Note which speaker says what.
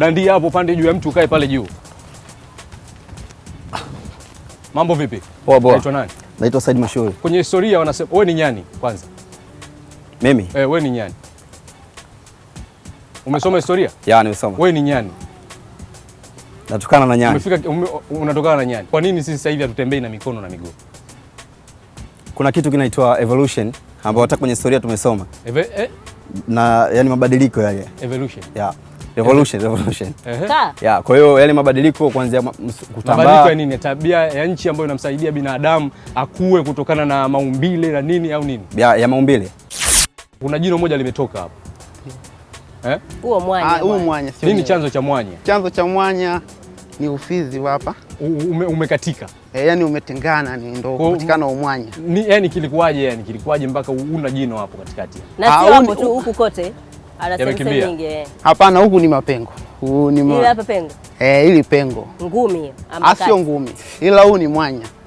Speaker 1: Dandia hapo, pande juu ya mtu, ukae pale juu. Mambo vipi? Poa poa. Naitwa nani?
Speaker 2: Naitwa Said Mashuri.
Speaker 1: Kwenye historia wanasema wewe ni nyani kwanza. Mimi? Eh, wewe ni nyani. Umesoma historia? Ya, nimesoma. Wewe ni nyani.
Speaker 2: Natokana na nyani.
Speaker 1: Umefika ume, unatokana na nyani. Kwa nini sisi sasa hivi hatutembei na mikono na miguu?
Speaker 2: Kuna kitu kinaitwa evolution ambao hata kwenye historia tumesoma. Eve, eh? Na yani mabadiliko yale. Evolution. Ya. Revolution, revolution. Ya, kwa hiyo yale mabadiliko kuanzia kutambaa.
Speaker 1: Mabadiliko ya nini? Tabia ya nchi ambayo inamsaidia binadamu akue kutokana na maumbile na nini au nini?
Speaker 2: Ya, ya maumbile.
Speaker 1: Kuna jino moja limetoka hapo. Eh?
Speaker 3: Huo mwanya. Ah,
Speaker 4: huo mwanya.
Speaker 1: Nini chanzo cha mwanya?
Speaker 4: Chanzo cha mwanya ni ufizi hapa.
Speaker 1: Ume, umekatika.
Speaker 4: Eh, yani umetengana ni ndio kupatikana umwanya.
Speaker 1: Ni yani kilikuwaje yani kilikuwaje mpaka una jino hapo katikati?
Speaker 3: Na sio ah, hapo tu huku kote. Eh.
Speaker 4: Hapana, huku ni mapengo. Huu ni
Speaker 3: ma... Ile hapa pengo.
Speaker 4: Eh, hili pengo. Ngumi hiyo. Asio ah, ngumi. Ila huu ni mwanya.